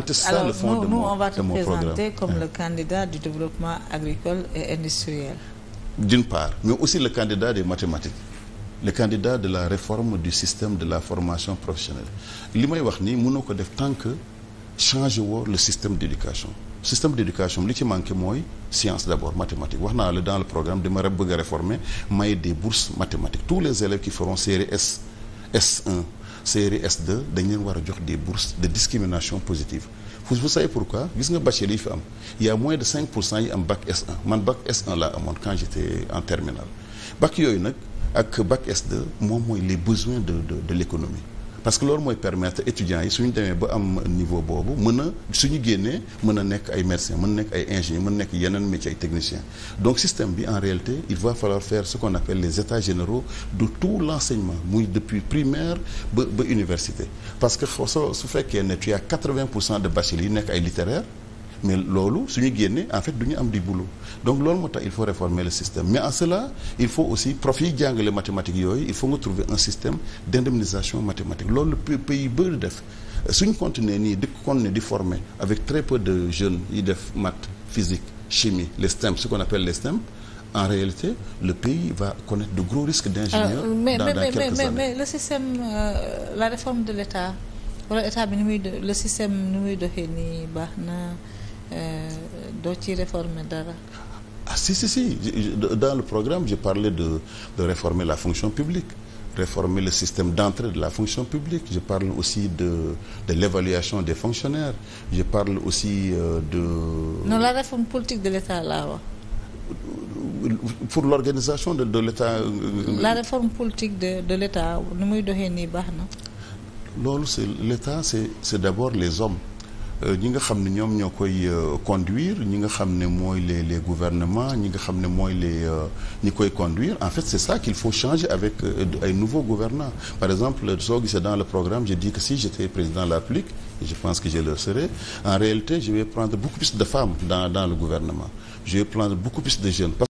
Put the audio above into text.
C'était ça Alors, le fond nous, de, nous, mon, on va te présenter programme. comme le candidat du développement agricole et industriel. D'une part, mais aussi le candidat des mathématiques. le candidat de la réforme du système de la formation professionnelle li may wax nii mënoo ko def tant que changer woo le système d'éducation système d'éducation li ci manqué mooy science d'abord mathématique wax naa la dans le programme di rek bëgg a réformer may des bourses mathématiques tous les élèves qui feront série S S1 série S2 dañ leen war a jox des bourses de discrimination positive vous savez pourquoi gis nga bachelier yi fi am il moins de 5 pour cent yi am bac S1 man bac S1 laa amoon quand j'étais en terminale bac yooyu nag ak bac s moom mooy les besoins de de de l'économie parce que loolu mooy permettre étudiants yi suñu demee ba am niveau boobu mën a suñu génnee mën a nekk ay médecins mën nekk ay ingénieurs mën nekk yeneen métiers ay techniciens donc système bi en réalité il va falloir faire ce qu'on appelle les états généraux de tout l'enseignement muy depuis primaire ba ba université parce que soo su fekkee ne tu as 80 pour cent de bacheliers yi nekk ay littéraires mais loolu suñu génnee en fait du ñu am di boulot donc loolu moo tax il faut réformer le système mais en cela il faut aussi prof yi jàngale mathématiques yooyu il faut nga trouver un système d'indemnisation mathématique loolu la pays bëri def suñ continuer nii di continuer di former avec très peu de jeunes yi def maths physique chimie les STEM ce qu'on appelle les STEM en réalité le pays va connaître de gros risques d'ingénieurs euh, dans mais mais mais le système euh, la réforme de l'État na Euh, doo ci réformer dara. ah si si si dans le programme j'ai parlé de de réformer la fonction publique réformer le système d'entrée de la fonction publique je parle aussi de de l'évaluation des fonctionnaires je parle aussi euh, de. non la réforme politique de l'État laa wax. pour l'organisation de de l'État. Euh, la réforme politique de de l'État nu muy doxee nii baax na. loolu c'est l'État c'est c'est d'abord les hommes. Euh, ñi nga xam ne ñoom ñoo koy euh, conduire ñi nga xam ne mooy les les gouvernements ñi nga xam ne mooy les euh, ñi koy conduire en fait c'est ça qu'il faut changer avec ay nouveaux gouvernants par exemple soo gisee dans le programme je dis que si j'étais président de la République je pense que je le serai en réalité je vais prendre beaucoup plus de femmes dans le gouvernement je vais prendre beaucoup plus de jeunes